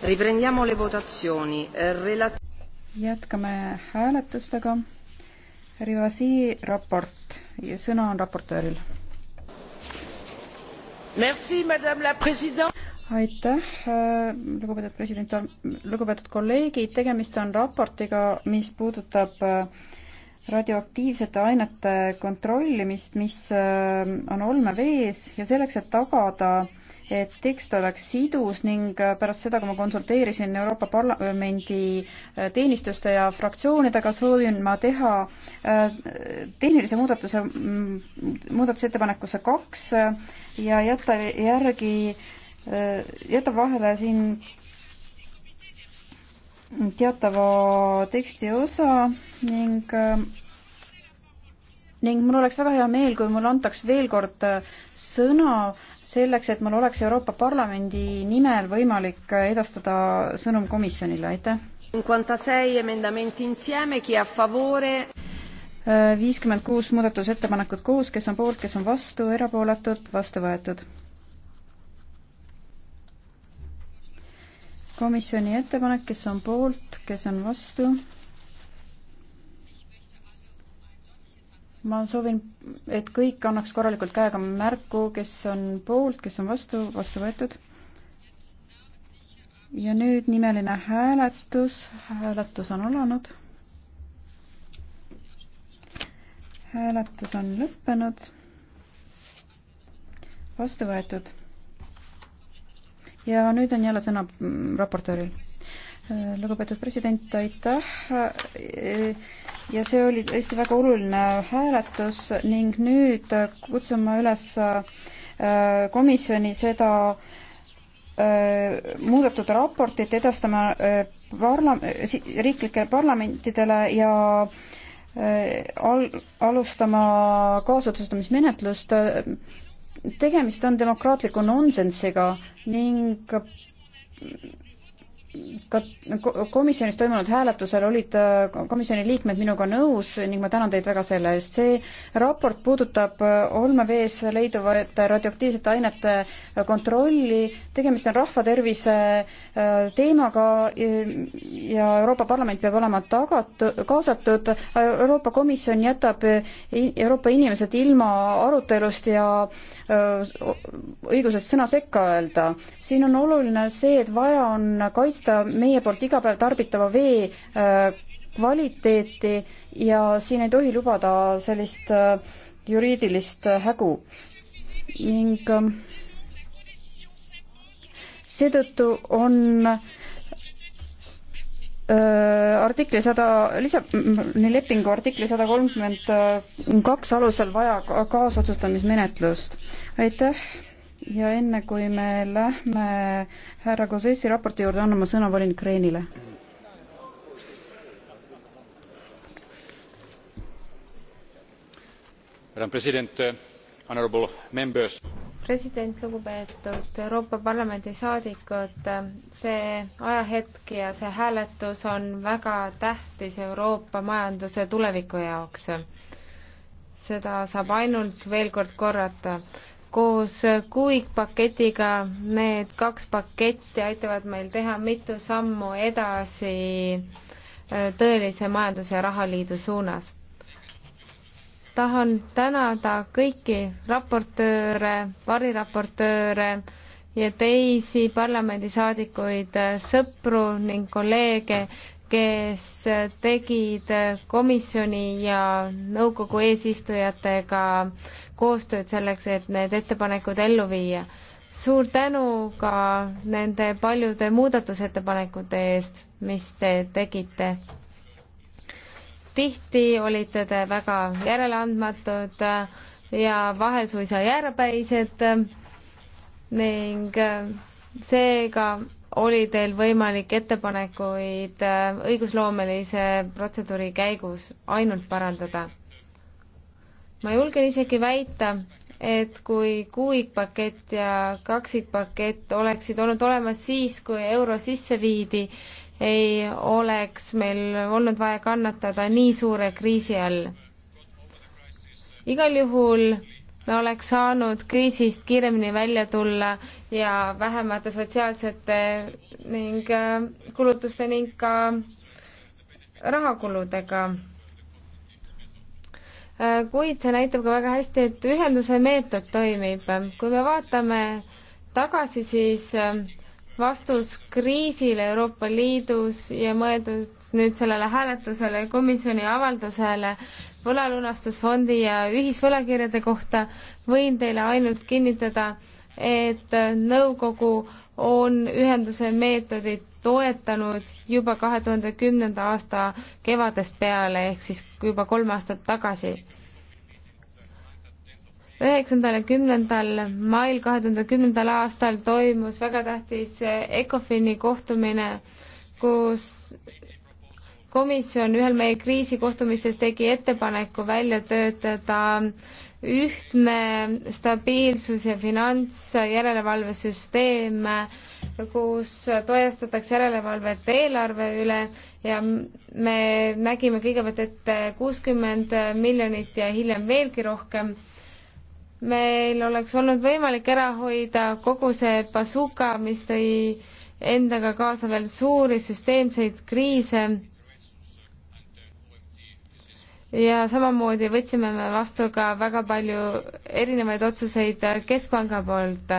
Riprendiamo le votazioni. Eh, relat- jätkame hääletustega. Rivasi raport ja sõna on raportööril. Merci, madame la president aitäh, äh, lugupeetud president, lugupeetud kolleegid, tegemist on raportiga, mis puudutab äh, radioaktiivsete ainete kontrollimist, mis äh, on olmevees ja selleks, et tagada et tekst oleks sidus ning äh, pärast seda, kui ma konsulteerisin Euroopa Parlamendi äh, teenistuste ja fraktsioonidega, soovin ma teha äh, tehnilise muudatuse, mm, muudatusettepanekusse kaks ja jätta järgi, jätta vahele siin teatava teksti osa ning ning mul oleks väga hea meel, kui mulle antaks veel kord sõna äh, selleks, et mul oleks Euroopa Parlamendi nimel võimalik edastada sõnum komisjonile, aitäh. Äh, viiskümmend kuus muudatusettepanekut koos, kes on poolt, kes on vastu, erapooletud, vastu võetud. komisjoni ettepanek, kes on poolt, kes on vastu, ma soovin, et kõik annaks korralikult käega märku, kes on poolt, kes on vastu, vastu võetud. ja nüüd nimeline hääletus, hääletus on alanud. hääletus on lõppenud. vastu võetud. ja nüüd on jälle sõna raportööril lugupeetud president, aitäh. ja see oli tõesti väga oluline hääletus ning nüüd kutsun ma üles äh, komisjoni seda äh, muudetud raportit edastama äh, parla-, riiklikele parlamentidele ja al-, alustama kaasotsustamismenetlust. tegemist on demokraatliku nonsensiga ning ka komisjonis toimunud hääletusel olid äh, komisjoni liikmed minuga nõus ning ma tänan teid väga selle eest. see raport puudutab äh, olmevees leiduvate radioaktiivsete ainete äh, kontrolli, tegemist on rahvatervise teemaga ja Euroopa Parlament peab olema tagatud, kaasatud, Euroopa Komisjon jätab Euroopa inimesed ilma arutelust ja õigusest sõna sekka öelda. siin on oluline see, et vaja on kaitsta tõsta meie poolt iga päev tarbitava vee äh, kvaliteeti ja siin ei tohi lubada sellist äh, juriidilist äh, hägu ning ähm, seetõttu on artikli sada, Lissaboni lepingu artikli sada kolmkümmend kaks alusel vaja kaasotsustamismenetlust. aitäh ja enne, kui me lähme härra Kosessi raporti juurde, annan ma sõna volinik Reinile. härra president, honorable members. president, lugupeetud Euroopa Parlamendi saadikud, see ajahetk ja see hääletus on väga tähtis Euroopa majanduse tuleviku jaoks. seda saab ainult veel kord korrata koos kuigpaketiga need kaks paketti aitavad meil teha mitu sammu edasi äh, tõelise majandus- ja rahaliidu suunas. tahan tänada kõiki raportööre, variraportööre ja teisi parlamendisaadikuid, äh, sõpru ning kolleege kes tegid komisjoni ja nõukogu eesistujatega koostööd selleks, et need ettepanekud ellu viia. suur tänu ka nende paljude muudatusettepanekute eest, mis te tegite. tihti olite te väga järeleandmatud ja vahel suisa järbeised ning seega oli teil võimalik ettepanekuid äh, õigusloomelise protseduuri käigus ainult parandada. ma julgen isegi väita, et kui kuuikpakett ja kaksikpakett oleksid olnud olemas siis, kui euro sisse viidi, ei oleks meil olnud vaja kannatada nii suure kriisi all. igal juhul me oleks saanud kriisist kiiremini välja tulla ja vähemate sotsiaalsete ning äh, kulutuste ning ka rahakuludega. Äh, kuid see näitab ka väga hästi, et ühenduse meetod toimib. kui me vaatame tagasi, siis äh, vastus kriisile Euroopa Liidus ja mõeldud nüüd sellele hääletusele ja komisjoni avaldusele võlalunastusfondi ja ühisvõlakirjade kohta võin teile ainult kinnitada, et nõukogu on ühenduse meetodit toetanud juba kahe tuhande kümnenda aasta kevadest peale ehk siis juba kolm aastat tagasi üheksandal ja kümnendal mail kahe tuhande kümnendal aastal toimus väga tähtis ECOFIN-i kohtumine, kus komisjon ühel meie kriisikohtumistes tegi ettepaneku välja töötada ühtne stabiilsus ja finantsjärelevalvesüsteem, kus toestatakse järelevalvet eelarve üle ja me nägime kõigepealt ette kuuskümmend miljonit ja hiljem veelgi rohkem. meil oleks olnud võimalik ära hoida kogu see bazooka, mis tõi endaga kaasa veel suuri süsteemseid kriise ja samamoodi võtsime me vastu ka väga palju erinevaid otsuseid Keskpanga poolt.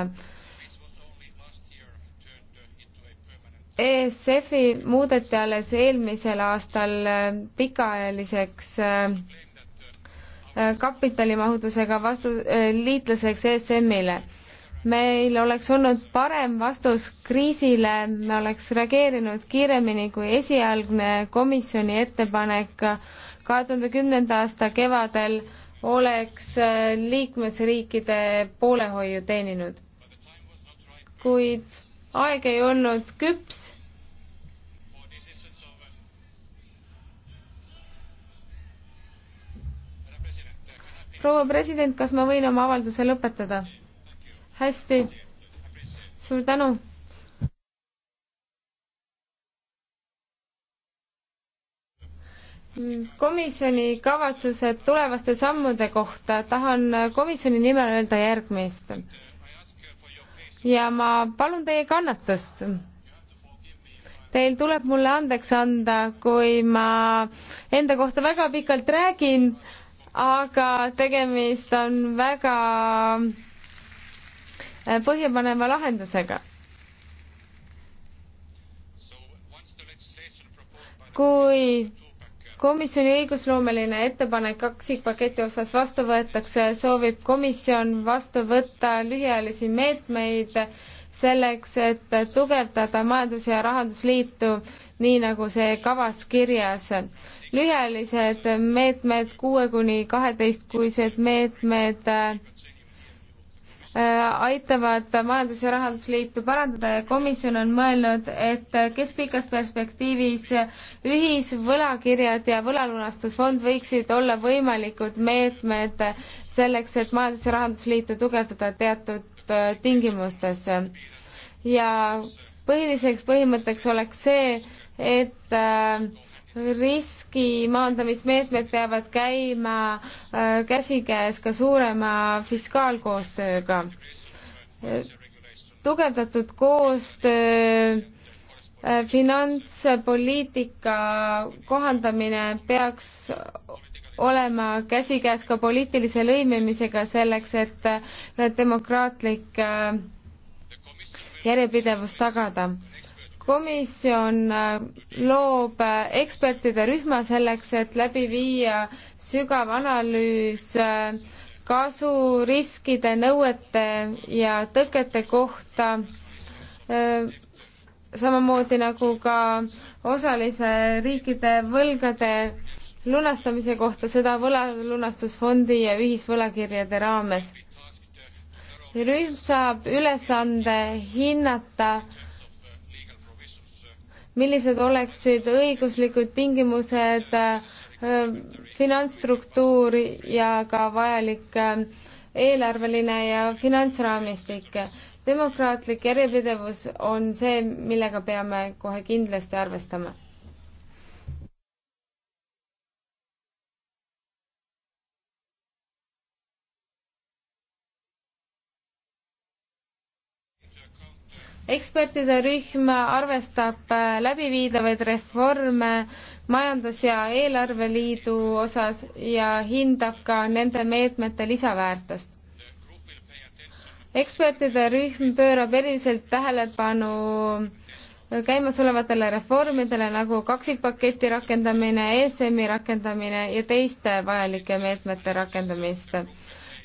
ESF-i muudeti alles eelmisel aastal pikaajaliseks äh, kapitalimahutusega vastu, äh, liitlaseks ESM-ile. meil oleks olnud parem vastus kriisile, me oleks reageerinud kiiremini kui esialgne komisjoni ettepanek kahe tuhande kümnenda aasta kevadel oleks äh, liikmesriikide poolehoiu teeninud. kuid aeg ei olnud küps. proua president, kas ma võin oma avalduse lõpetada? hästi, suur tänu komisjoni kavatsused tulevaste sammude kohta, tahan komisjoni nimel öelda järgmist. ja ma palun teie kannatust. Teil tuleb mulle andeks anda, kui ma enda kohta väga pikalt räägin, aga tegemist on väga äh, põhjapaneva lahendusega kui komisjoni õigusloomeline ettepanek kaksikpaketi osas vastu võetakse, soovib komisjon vastu võtta lühiajalisi meetmeid selleks, et tugevdada Majandus- ja Rahandusliitu, nii nagu see kavas kirjas. lühiajalised meetmed, kuue kuni kaheteistkuised meetmed aitavad Majandus- ja Rahandusliitu parandada ja komisjon on mõelnud, et keskpikas perspektiivis ühisvõlakirjad ja võlalunastusfond võiksid olla võimalikud meetmed selleks, et Majandus- ja Rahandusliitu tugevdada teatud äh, tingimustes. ja põhiliseks põhimõtteks oleks see, et äh, riski maandamismeetmed peavad käima äh, käsikäes ka suurema fiskaalkoostööga. tugevdatud koostöö äh, finantspoliitika kohandamine peaks olema käsikäes ka poliitilise lõimimisega selleks, et demokraatlik äh, järjepidevus tagada komisjon äh, loob äh, ekspertide rühma selleks, et läbi viia sügav analüüs äh, kasu, riskide, nõuete ja tõkete kohta, samamoodi nagu ka osalise riikide võlgade lunastamise kohta, seda võlalunastusfondi ja ühisvõlakirjade raames. rühm saab ülesande hinnata millised oleksid õiguslikud tingimused äh, finantsstruktuur ja ka vajalik äh, eelarveline ja finantsraamistik. demokraatlik järjepidevus on see, millega peame kohe kindlasti arvestama ekspertide rühm arvestab äh, läbiviidavaid reforme majandus- ja eelarveliidu osas ja hindab ka nende meetmete lisaväärtust. ekspertide rühm pöörab eriliselt tähelepanu käimasolevatele reformidele nagu kaksikpaketi rakendamine, ESM-i rakendamine ja teiste vajalike meetmete rakendamist.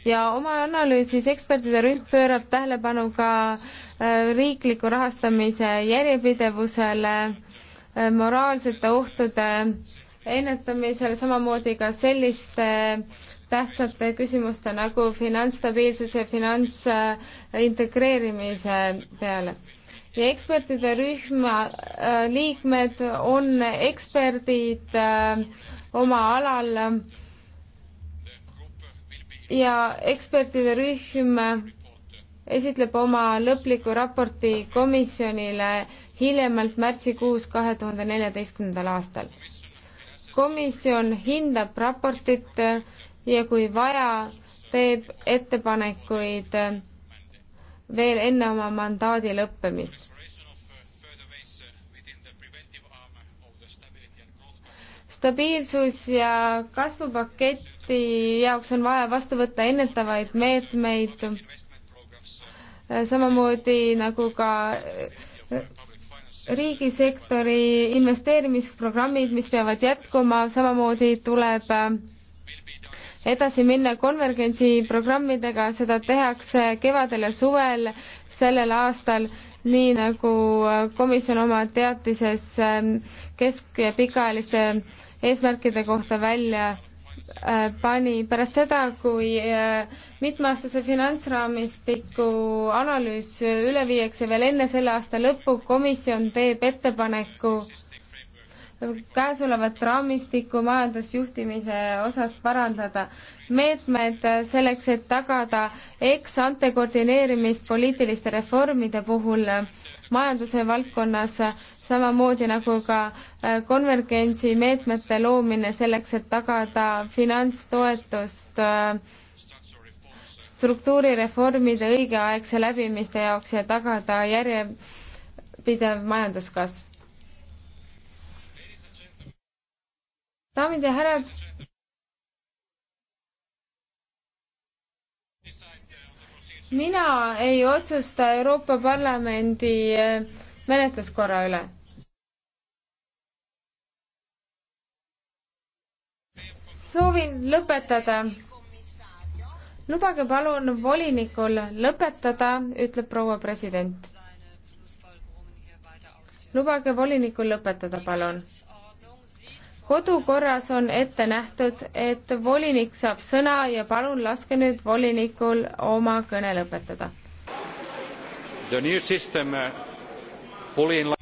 ja oma analüüsis ekspertide rühm pöörab tähelepanu ka äh, Äh, riikliku rahastamise järjepidevusele, äh, moraalsete ohtude ennetamisele, samamoodi ka selliste tähtsate küsimuste nagu finantsstabiilsuse, finantsintegreerimise äh, peale ja ekspertide rühma liikmed on eksperdid oma alal ja ekspertide rühm esitleb oma lõpliku raporti komisjonile hiljemalt märtsikuus kahe tuhande neljateistkümnendal aastal. komisjon hindab raportit ja kui vaja, teeb ettepanekuid veel enne oma mandaadi lõppemist. stabiilsus ja kasvupaketi jaoks on vaja vastu võtta ennetavaid meetmeid Äh, samamoodi nagu ka äh, riigisektori investeerimisprogrammid, mis peavad jätkuma, samamoodi tuleb äh, edasi minna konvergentsi programmidega, seda tehakse kevadel ja suvel sellel aastal, nii nagu komisjon oma teatises kesk- ja pikaajaliste eesmärkide kohta välja Äh, pani pärast seda, kui äh, mitmeaastase finantsraamistiku analüüs üle viiakse veel enne selle aasta lõppu, komisjon teeb ettepaneku käesolevat raamistikku majandusjuhtimise osas parandada. meetmed selleks, et tagada ex-ante koordineerimist poliitiliste reformide puhul majanduse valdkonnas samamoodi nagu ka äh, konvergentsi meetmete loomine selleks, et tagada finantstoetust äh, struktuurireformide õigeaegse läbimiste jaoks ja tagada järjepidev majanduskasv. daamid ja härrad, mina ei otsusta Euroopa Parlamendi äh, menetluskorra üle soovin lõpetada. lubage palun volinikul lõpetada, ütleb proua president. lubage volinikul lõpetada, palun. kodukorras on ette nähtud, et volinik saab sõna ja palun laske nüüd volinikul oma kõne lõpetada. The new system uh, fully in line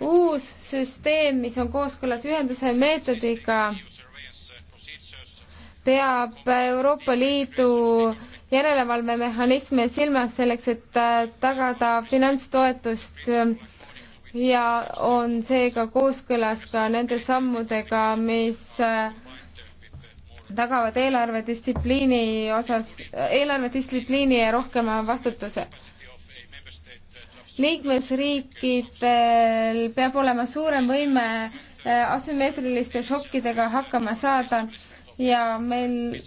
uus süsteem, mis on kooskõlas ühenduse meetodiga peab Euroopa Liidu järelevalvemehhanisme silmas selleks, et äh, tagada finantstoetust äh, ja on seega kooskõlas ka nende sammudega, mis äh, tagavad eelarvedistsipliini osas, eelarvedistsipliini ja rohkema vastutuse liikmesriikidel peab olema suurem võime asümmeetriliste šokkidega hakkama saada ja meil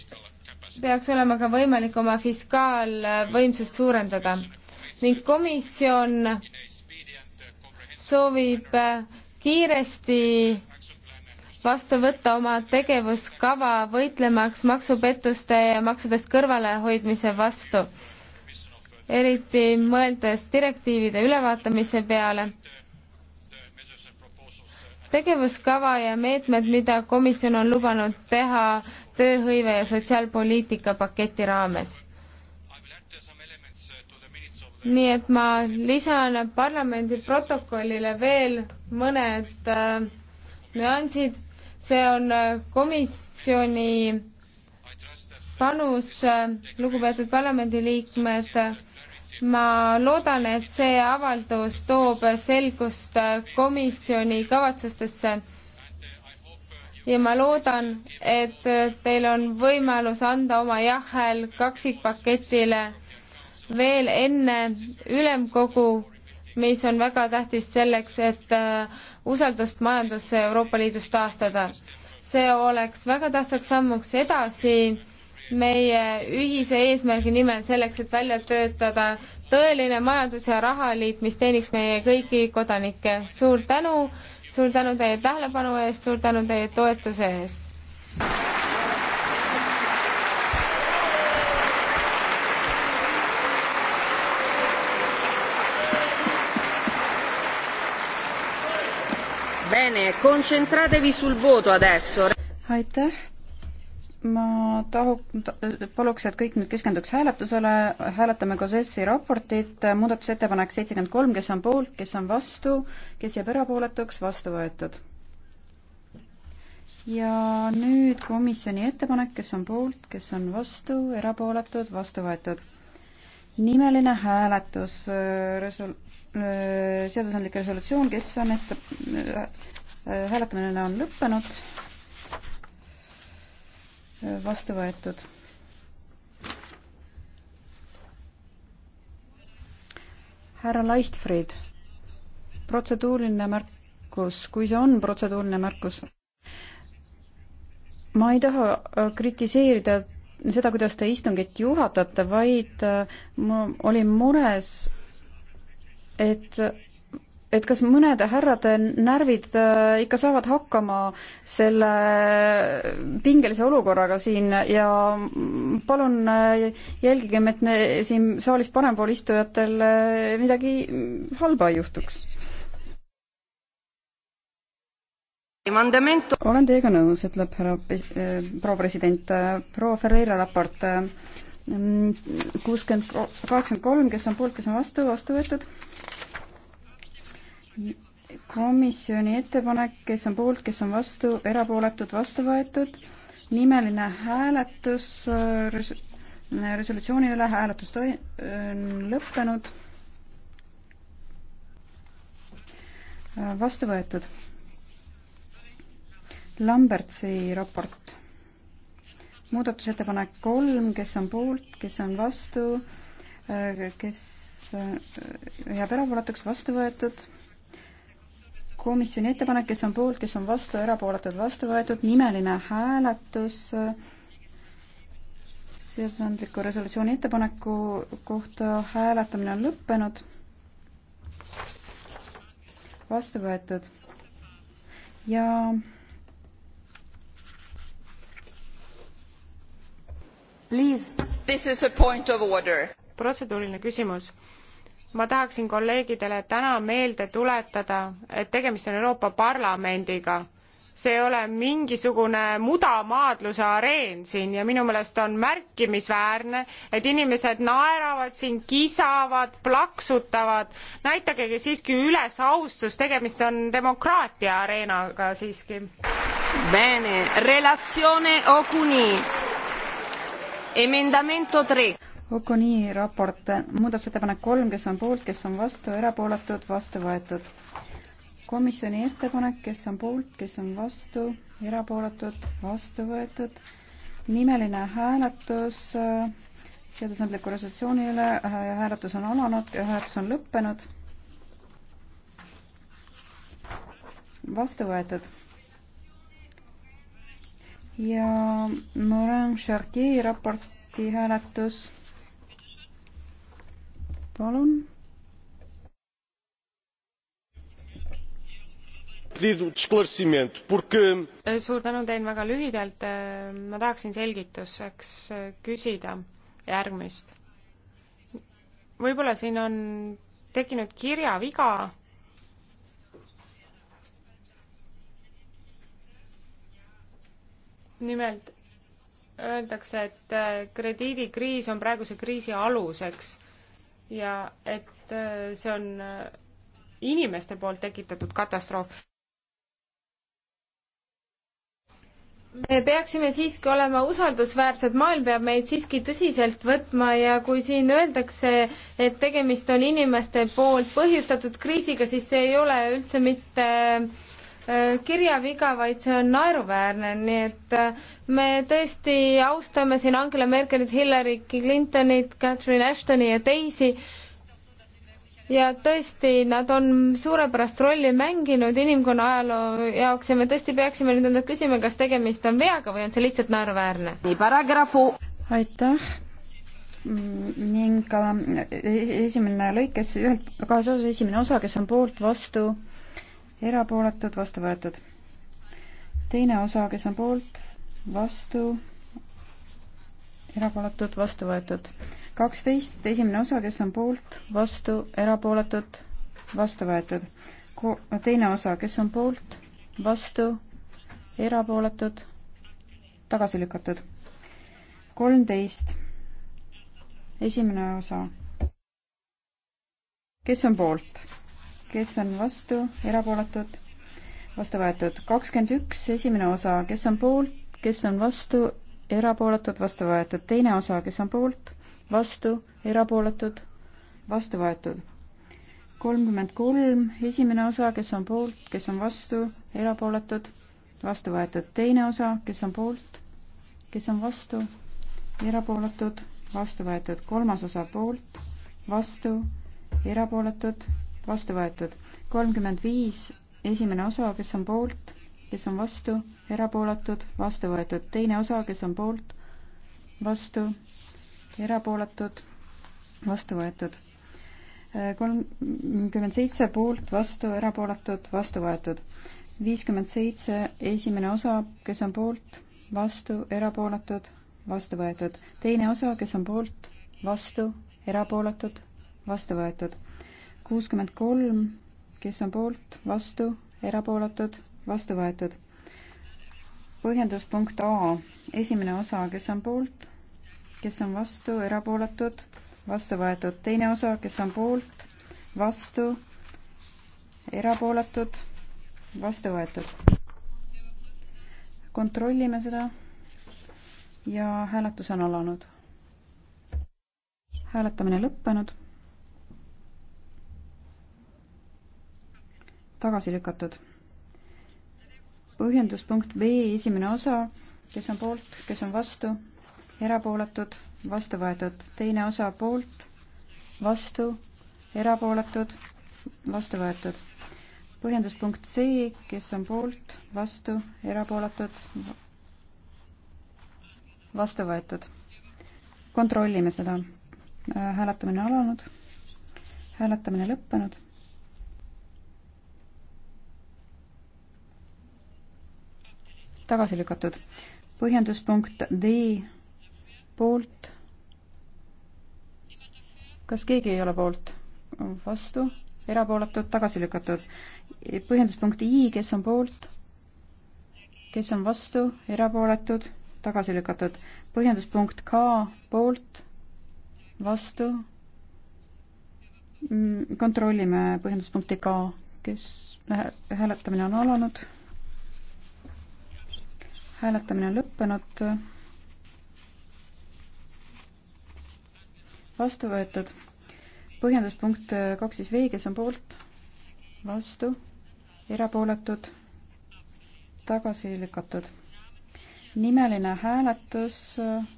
peaks olema ka võimalik oma fiskaalvõimsust suurendada ning komisjon soovib kiiresti vastu võtta oma tegevuskava võitlemaks maksupettuste ja maksudest kõrvalehoidmise vastu, eriti mõeldes direktiivide ülevaatamise peale tegevuskava ja meetmed, mida komisjon on lubanud teha tööhõive ja sotsiaalpoliitika paketi raames. nii et ma lisan parlamendi protokollile veel mõned äh, nüansid, see on äh, komisjoni panus, äh, lugupeetud parlamendiliikmed ma loodan, et see avaldus toob selgust komisjoni kavatsustesse ja ma loodan, et teil on võimalus anda oma jah-hääl kaksikpaketile veel enne ülemkogu, mis on väga tähtis selleks, et äh, usaldust majandusse Euroopa Liidus taastada. see oleks väga tähtsaks sammuks edasi meie ühise eesmärgi nimel selleks, et välja töötada tõeline majandus- ja rahaliit, mis teeniks meie kõiki kodanikke. suur tänu, suur tänu teie tähelepanu eest, suur tänu teie toetuse eest. Bene, concentratevi sul voto adesso. Aitäh, ma tahu, paluks, et kõik nüüd keskenduks hääletusele, hääletame Gozessi raportit, muudatusettepanek seitsekümmend kolm, kes on poolt, kes on vastu, kes jääb erapooletuks, vastu võetud. ja nüüd komisjoni ettepanek, kes on poolt, kes on vastu, erapooletud, vastu võetud. nimeline hääletus, äh, resol-, äh, seadusandlik resolutsioon, kes on ette, äh, hääletamine on lõppenud vastu võetud. härra Leichtfried, protseduuriline märkus, kui see on protseduuriline märkus, ma ei taha äh, kritiseerida seda, kuidas te istungit juhatate, vaid äh, ma olin mures, et et kas mõned härrade äh, närvid äh, ikka saavad hakkama selle pingelise olukorraga siin ja palun äh, jälgigem, et ne, siin saalis parempool istujatel midagi halba ei juhtuks. olen teiega nõus, ütleb härra proua president, proua Ferreira raport kuuskümmend, kaheksakümmend kolm, kes on poolt, kes on vastu, vastu võetud komisjoni ettepanek, kes on poolt, kes on vastu, erapooletud, vastu võetud. nimeline hääletus äh, res-, äh, resolutsiooni üle, hääletus toi-, äh, lõppenud. vastu võetud. Lambertsi raport. muudatusettepanek kolm, kes on poolt, kes on vastu, kes jääb erapooletuks, vastu võetud komisjoni ettepanek, kes on poolt, kes on vastu, erapooletud, vastu võetud, nimeline hääletus seadusandliku resolutsiooni ettepaneku kohta hääletamine on lõppenud. vastu võetud ja Please, this is a point of order. protseduuriline küsimus ma tahaksin kolleegidele täna meelde tuletada, et tegemist on Euroopa Parlamendiga. see ei ole mingisugune mudamaadluse areen siin ja minu meelest on märkimisväärne, et inimesed naeravad siin, kisavad, plaksutavad. näitage siiski üles austust, tegemist on demokraatia areenaga siiski. Bene, relatsioone Okuni, emendamento tre Okoni raport, muudatusettepanek kolm, kes on poolt, kes on vastu, erapooletud, vastu võetud. komisjoni ettepanek, kes on poolt, kes on vastu, erapooletud, vastu võetud. nimeline hääletus äh, seadusandliku resolutsiooni üle, äh, hääletus on alanud, hääletus on lõppenud. vastu võetud ja Morin Chartier raporti hääletus palun. Äh, suur tänu, teen väga lühidalt. Äh, ma tahaksin selgituseks äh, küsida järgmist. võib-olla siin on tekkinud kirjaviga nimelt öeldakse, et krediidikriis on praeguse kriisi aluseks ja et äh, see on äh, inimeste poolt tekitatud katastroof. me peaksime siiski olema usaldusväärsed, maailm peab meid siiski tõsiselt võtma ja kui siin öeldakse, et tegemist on inimeste poolt põhjustatud kriisiga, siis see ei ole üldse mitte äh, Äh, kirjaviga, vaid see on naeruväärne, nii et äh, me tõesti austame siin Angela Merkelit, Hillary Clintonit, Catherine Ashtoni ja teisi ja tõesti, nad on suurepärast rolli mänginud inimkonna ajaloo jaoks ja me tõesti peaksime nüüd endalt küsima, kas tegemist on veaga või on see lihtsalt naeruväärne. aitäh mm, ning äh, esimene lõikes ühelt kahes osas esimene osa, kes on poolt, vastu erapooletud, vastu võetud. teine osa, kes on poolt, vastu, erapooletud, vastu võetud. kaksteist, esimene osa, kes on poolt, vastu, erapooletud, vastu võetud. teine osa, kes on poolt, vastu, erapooletud, tagasi lükatud. kolmteist, esimene osa. kes on poolt? kes on vastu, erapooletud, vastu võetud. kakskümmend üks, esimene osa, kes on poolt, kes on vastu, erapooletud, vastu võetud. teine osa, kes on poolt, vastu, erapooletud, vastu võetud. kolmkümmend kolm, esimene osa, kes on poolt, kes on vastu, erapooletud, vastu võetud. teine osa, kes on poolt, kes on vastu, erapooletud, vastu võetud. kolmas osa poolt, vastu, erapooletud, vastu võetud. kolmkümmend viis, esimene osa, kes on poolt, kes on vastu, erapooletud, vastu võetud. teine osa, kes on poolt, vastu, erapooletud, vastu võetud. kolmkümmend seitse poolt, vastu, erapooletud, vastu võetud. viiskümmend seitse, esimene osa, kes on poolt, vastu, erapooletud, vastu võetud. teine osa, kes on poolt, vastu, erapooletud, vastu võetud kuuskümmend kolm, kes on poolt, vastu, erapooletud, vastu võetud. põhjenduspunkt A, esimene osa, kes on poolt, kes on vastu, erapooletud, vastu võetud. teine osa, kes on poolt, vastu, erapooletud, vastu võetud. kontrollime seda ja hääletus on alanud. hääletamine lõppenud tagasi lükatud. põhjenduspunkt B esimene osa, kes on poolt, kes on vastu, erapooletud, vastu võetud, teine osa poolt, vastu, erapooletud, vastu võetud. põhjenduspunkt C, kes on poolt, vastu, erapooletud, vastu võetud. kontrollime seda. hääletamine alanud, hääletamine lõppenud tagasi lükatud. põhjenduspunkt D poolt. kas keegi ei ole poolt? vastu, erapooletud, tagasi lükatud. põhjenduspunkt I, kes on poolt? kes on vastu, erapooletud, tagasi lükatud. põhjenduspunkt K poolt, vastu. Mm, kontrollime põhjenduspunkti K, kes, hääletamine on alanud hääletamine on lõppenud. vastu võetud. põhjenduspunkt kaks siis V, kes on poolt, vastu, erapooletud, tagasi lükatud. nimeline hääletus äh,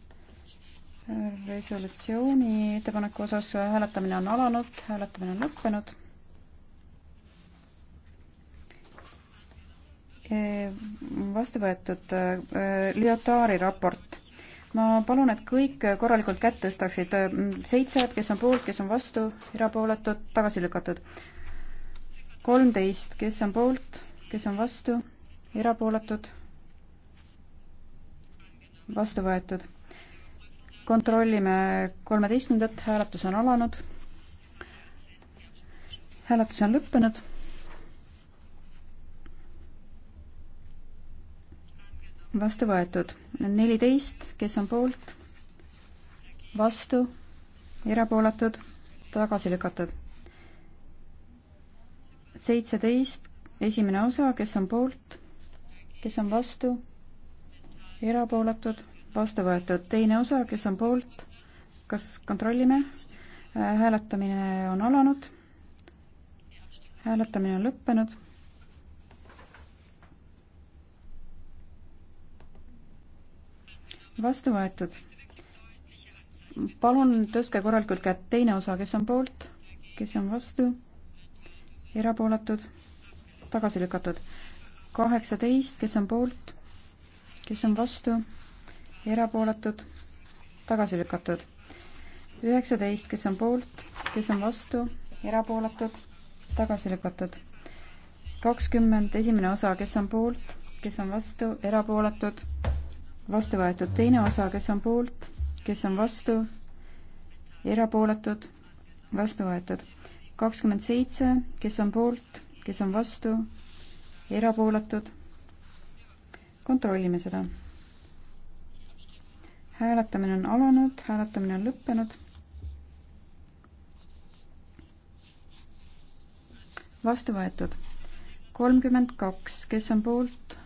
resolutsiooni ettepaneku osas hääletamine on alanud, hääletamine on lõppenud Eh, vastu võetud eh, Lyotari raport. ma palun, et kõik korralikult kätt tõstaksid. seitse, kes on poolt, kes on vastu, erapooletud, tagasi lükatud. kolmteist, kes on poolt, kes on vastu, erapooletud, vastu võetud. kontrollime kolmeteistkümnendat, hääletus on alanud. hääletus on lõppenud vastu võetud. neliteist, kes on poolt, vastu, erapooletud, tagasi lükatud. seitseteist, esimene osa, kes on poolt, kes on vastu, erapooletud, vastu võetud. teine osa, kes on poolt, kas kontrollime? Äh, hääletamine on alanud. hääletamine on lõppenud vastu võetud. palun tõstke korralikult kätt, teine osa, kes on poolt, kes on vastu, erapooletud, tagasi lükatud. kaheksateist, kes on poolt, kes on vastu, erapooletud, tagasi lükatud. üheksateist, kes on poolt, kes on vastu, erapooletud, tagasi lükatud. kakskümmend, esimene osa, kes on poolt, kes on vastu, erapooletud vastu võetud teine osa, kes on poolt, kes on vastu, erapooletud, vastu võetud. kakskümmend seitse, kes on poolt, kes on vastu, erapooletud. kontrollime seda. hääletamine on alanud, hääletamine on lõppenud. vastu võetud kolmkümmend kaks, kes on poolt,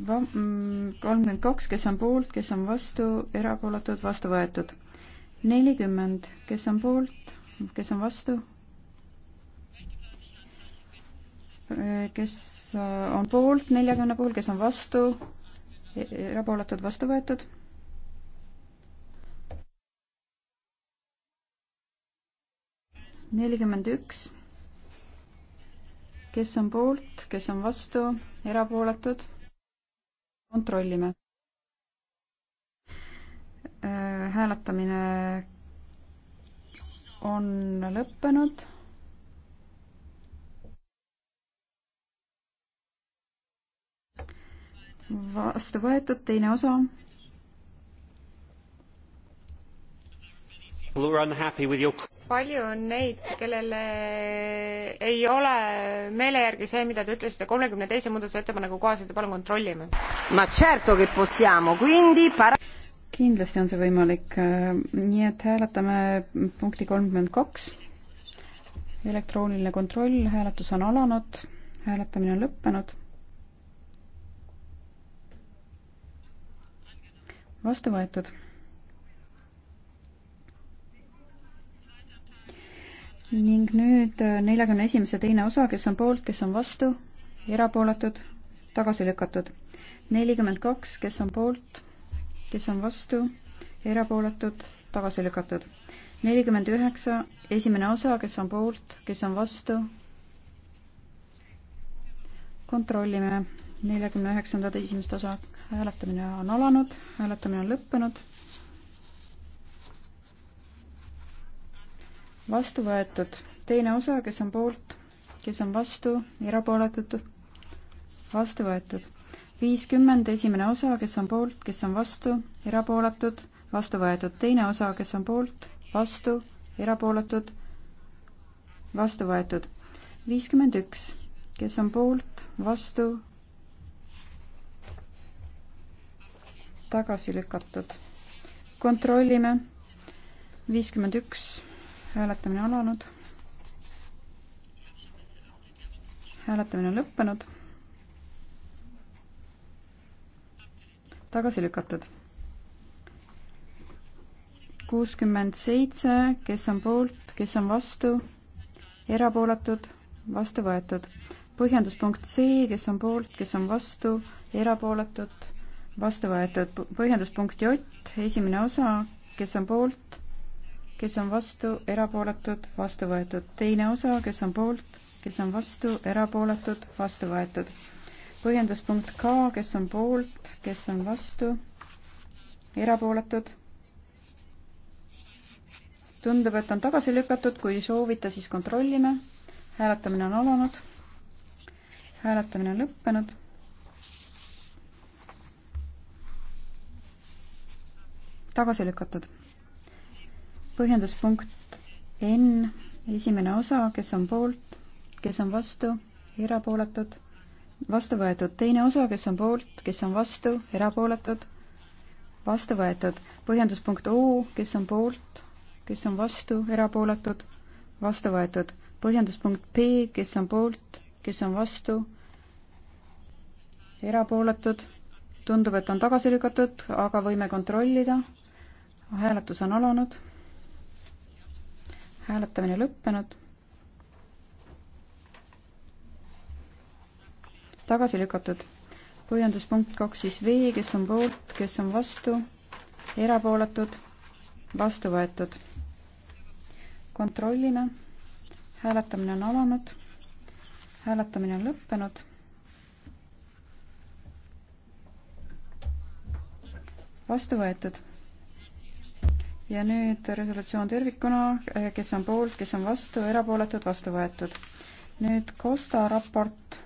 Mm, kolmkümmend kaks, kes on poolt, kes on vastu, erapooletud, vastu võetud. nelikümmend, kes on poolt, kes on vastu, äh, kes äh, on poolt neljakümne puhul, kes on vastu, e-, erapooletud, vastu võetud. nelikümmend üks, kes on poolt, kes on vastu, erapooletud kontrollime. Äh, hääletamine on lõppenud. vastu võetud teine osa. Your palju on neid, kellele ei ole meele järgi see, mida te ütlesite kolmekümne teise muudatusettepaneku kohaselt ja palun kontrollime. kindlasti on see võimalik, nii et hääletame punkti kolmkümmend kaks. elektrooniline kontroll, hääletus on alanud, hääletamine on lõppenud. vastu võetud ning nüüd äh, neljakümne esimese teine osa, kes on poolt, kes on vastu, erapooletud, tagasi lükatud. nelikümmend kaks, kes on poolt, kes on vastu, erapooletud, tagasi lükatud. nelikümmend üheksa, esimene osa, kes on poolt, kes on vastu. kontrollime neljakümne üheksandat esimest osa. hääletamine on alanud, hääletamine on lõppenud vastu võetud. teine osa, kes on poolt, kes on vastu, erapooletud, vastu võetud. viiskümmend, esimene osa, kes on poolt, kes on vastu, erapooletud, vastu võetud. teine osa, kes on poolt, vastu, erapooletud, vastu võetud. viiskümmend üks, kes on poolt, vastu, tagasi lükatud. kontrollime. viiskümmend üks hääletamine alanud. hääletamine on lõppenud. tagasi lükatud. kuuskümmend seitse, kes on poolt, kes on vastu, erapooletud, vastu võetud. põhjenduspunkt C, kes on poolt, kes on vastu, erapooletud, vastu võetud. põhjenduspunkti Ott, esimene osa, kes on poolt kes on vastu, erapooletud, vastu võetud. teine osa, kes on poolt, kes on vastu, erapooletud, vastu võetud. põhjenduspunkt K, kes on poolt, kes on vastu, erapooletud. tundub, et on tagasi lükatud, kui soovite, siis kontrollime. hääletamine on alanud. hääletamine on lõppenud. tagasi lükatud põhjenduspunkt N, esimene osa, kes on poolt, kes on vastu, erapooletud, vastu võetud. teine osa, kes on poolt, kes on vastu, erapooletud, vastu võetud. põhjenduspunkt O, kes on poolt, kes on vastu, erapooletud, vastu võetud. põhjenduspunkt P, kes on poolt, kes on vastu, erapooletud, tundub, et on tagasi lükatud, aga võime kontrollida. hääletus on alanud hääletamine lõppenud. tagasi lükatud. põhjenduspunkt kaks siis V, kes on poolt, kes on vastu, erapooletud, vastu võetud. kontrollime. hääletamine on alanud. hääletamine on lõppenud. vastu võetud ja nüüd resolutsioon tervikuna, eh, kes on poolt, kes on vastu, erapooletud, vastu võetud. nüüd Costa raport.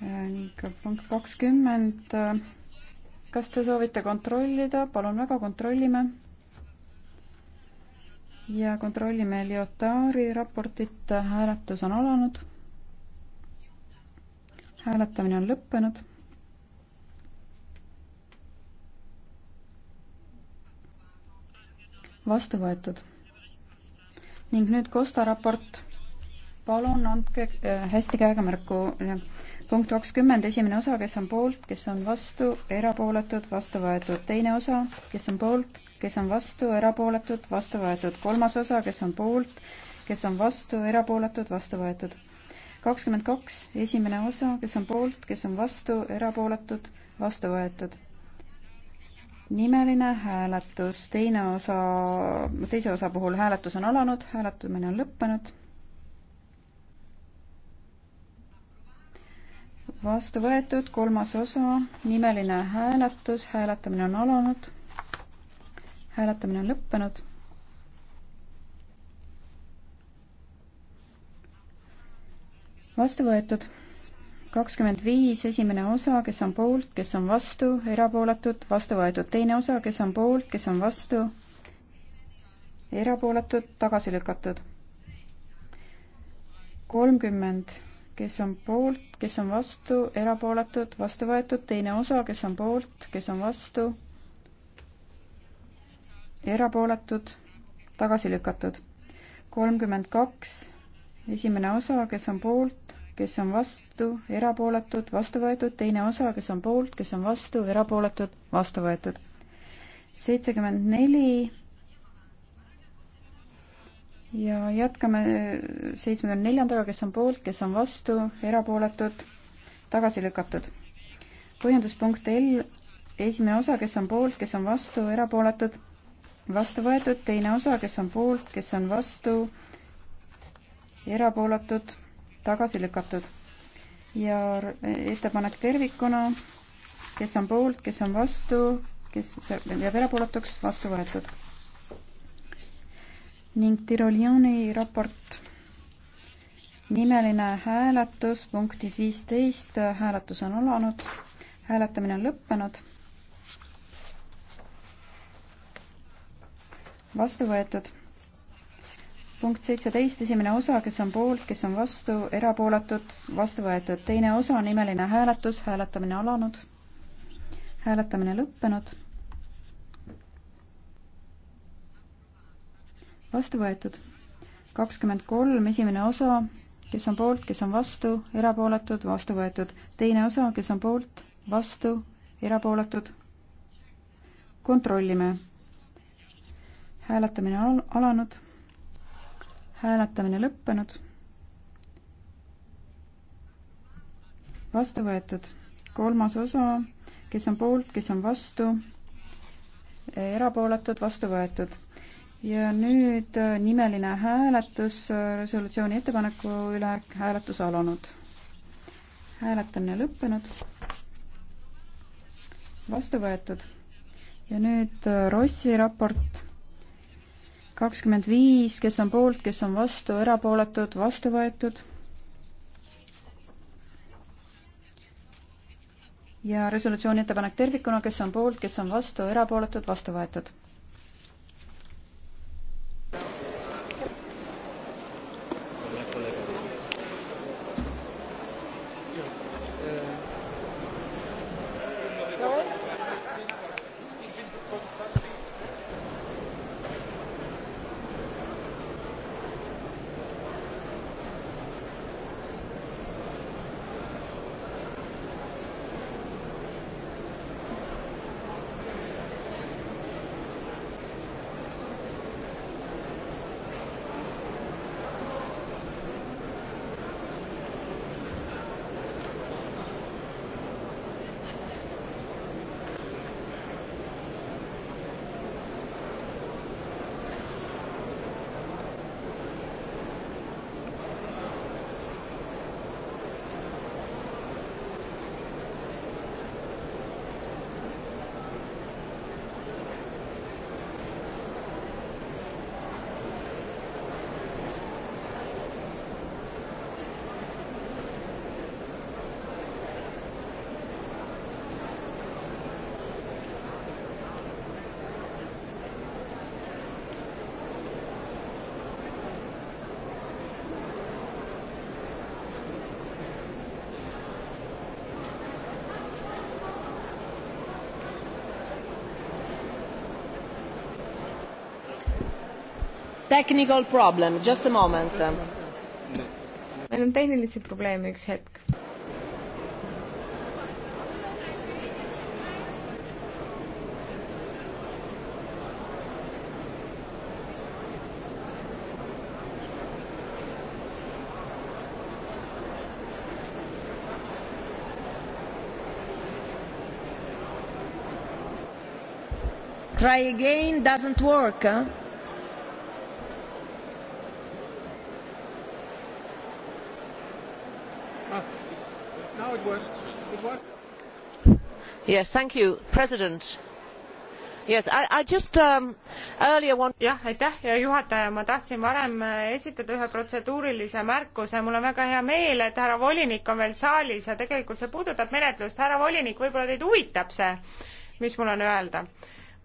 ning punkt kakskümmend. kas te soovite kontrollida, palun väga, kontrollime. ja kontrollime Lyotari raportit, hääletus on alanud hääletamine on lõppenud. vastu võetud. ning nüüd Costa raport. palun andke äh, hästi käega märku. punkt kakskümmend, esimene osa, kes on poolt, kes on vastu, erapooletud, vastu võetud. teine osa, kes on poolt, kes on vastu, erapooletud, vastu võetud. kolmas osa, kes on poolt, kes on vastu, erapooletud, vastu võetud kakskümmend kaks, esimene osa, kes on poolt, kes on vastu, erapooletud, vastu võetud. nimeline hääletus, teine osa, teise osa puhul hääletus on alanud, hääletamine on lõppenud. vastu võetud, kolmas osa, nimeline hääletus, hääletamine on alanud, hääletamine on lõppenud vastu võetud kakskümmend viis, esimene osa, kes on poolt, kes on vastu, erapooletud, vastu võetud, teine osa, kes on poolt, kes on vastu, erapooletud, tagasi lükatud. kolmkümmend, kes on poolt, kes on vastu, erapooletud, vastu võetud, teine osa, kes on poolt, kes on vastu, erapooletud, tagasi lükatud. kolmkümmend kaks esimene osa, kes on poolt, kes on vastu, erapooletud, vastu võetud, teine osa, kes on poolt, kes on vastu, erapooletud, vastu võetud. seitsekümmend neli ja jätkame seitsmekümne neljandaga, kes on poolt, kes on vastu, erapooletud, tagasi lükatud. põhjenduspunkt L, esimene osa, kes on poolt, kes on vastu, erapooletud, vastu võetud, teine osa, kes on poolt, kes on vastu, erapooletud, tagasi lükatud. ja ettepanek tervikuna, kes on poolt, kes on vastu, kes jääb erapooletuks, vastu võetud. ning Tiroliani raport, nimeline hääletus punktis viisteist, hääletus on alanud, hääletamine on lõppenud vastu võetud punkt seitseteist, esimene osa, kes on poolt, kes on vastu, erapooletud, vastu võetud. teine osa, nimeline hääletus, hääletamine alanud, hääletamine lõppenud. vastu võetud. kakskümmend kolm, esimene osa, kes on poolt, kes on vastu, erapooletud, vastu võetud. teine osa, kes on poolt, vastu, erapooletud. kontrollime hääletamine on alanud hääletamine lõppenud. vastu võetud. kolmas osa, kes on poolt, kes on vastu, erapooletud, vastu võetud. ja nüüd äh, nimeline hääletus äh, resolutsiooni ettepaneku üle, hääletus alanud. hääletamine lõppenud. vastu võetud. ja nüüd äh, Rossi raport kakskümmend viis, kes on poolt, kes on vastu, erapooletud, vastu võetud. ja resolutsiooni ettepanek tervikuna, kes on poolt, kes on vastu, erapooletud, vastu võetud technical problem, just a moment. meil on tehnilisi probleeme, üks hetk. Try again doesn't work, huh? Yes, thank you, president. Yes, I, I just, um, earlier want... jah, aitäh, hea juhataja, ma tahtsin varem äh, esitada ühe protseduurilise märkuse, mul on väga hea meel, et härra volinik on veel saalis ja tegelikult see puudutab menetlust, härra volinik, võib-olla teid huvitab see, mis mul on öelda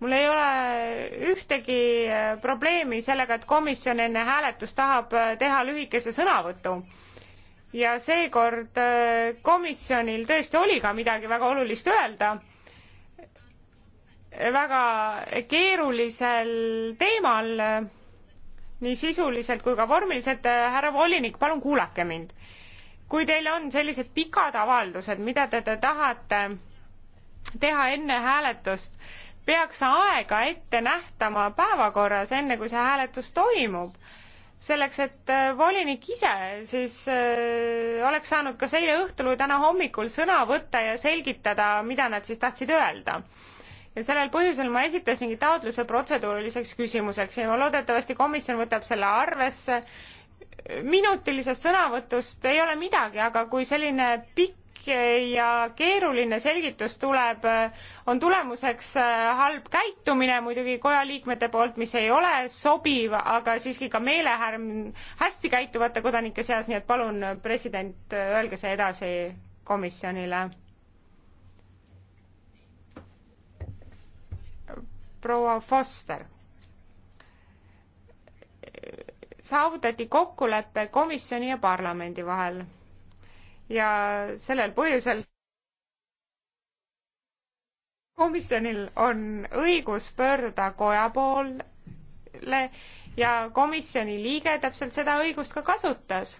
mul ei ole äh, ühtegi äh, probleemi sellega, et komisjon enne hääletust tahab teha lühikese sõnavõtu ja seekord äh, komisjonil tõesti oli ka midagi väga olulist öelda väga keerulisel teemal, nii sisuliselt kui ka vormiliselt. Äh, härra volinik, palun kuulake mind. kui teil on sellised pikad avaldused, mida te, te tahate teha enne hääletust, peaks aega ette nähtama päevakorras, enne kui see hääletus toimub selleks, et äh, volinik ise siis äh, oleks saanud kas eile õhtul või täna hommikul sõna võtta ja selgitada, mida nad siis tahtsid öelda. ja sellel põhjusel ma esitasingi taotluse protseduuriliseks küsimuseks ja loodetavasti komisjon võtab selle arvesse minutilisest sõnavõtust ei ole midagi, aga kui selline pikk pikk ja keeruline selgitus tuleb, on tulemuseks äh, halb käitumine muidugi koja liikmete poolt, mis ei ole sobiv, aga siiski ka meelehärm hästi käituvate kodanike seas, nii et palun, president, öelge see edasi komisjonile. proua Foster saavutati kokkulepe komisjoni ja parlamendi vahel ja sellel põhjusel komisjonil on õigus pöörduda koja poole ja komisjoni liige täpselt seda õigust ka kasutas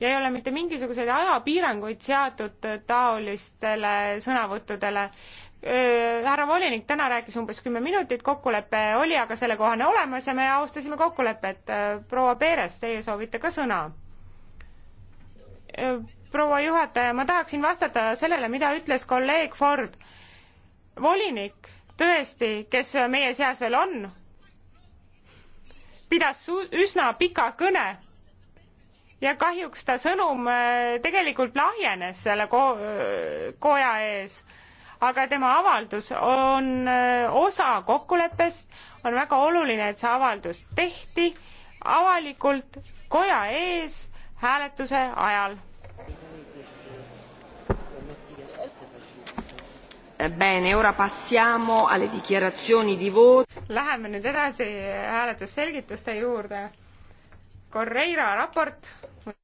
ja ei ole mitte mingisuguseid ajapiiranguid seatud taolistele sõnavõttudele. härra volinik täna rääkis umbes kümme minutit, kokkulepe oli aga sellekohane olemas ja me austasime kokkulepet. proua Peeres, teie soovite ka sõna? proua juhataja, ma tahaksin vastata sellele, mida ütles kolleeg Ford. volinik tõesti, kes meie seas veel on, pidas üsna pika kõne ja kahjuks ta sõnum äh, tegelikult lahjenes selle ko äh, koja ees. aga tema avaldus on äh, osa kokkuleppest, on väga oluline, et see avaldus tehti avalikult koja ees hääletuse ajal Bene, ora passiamo alle dichiarazioni di voto. Läheme nüüd edasi hääletusselgituste juurde. Correira raport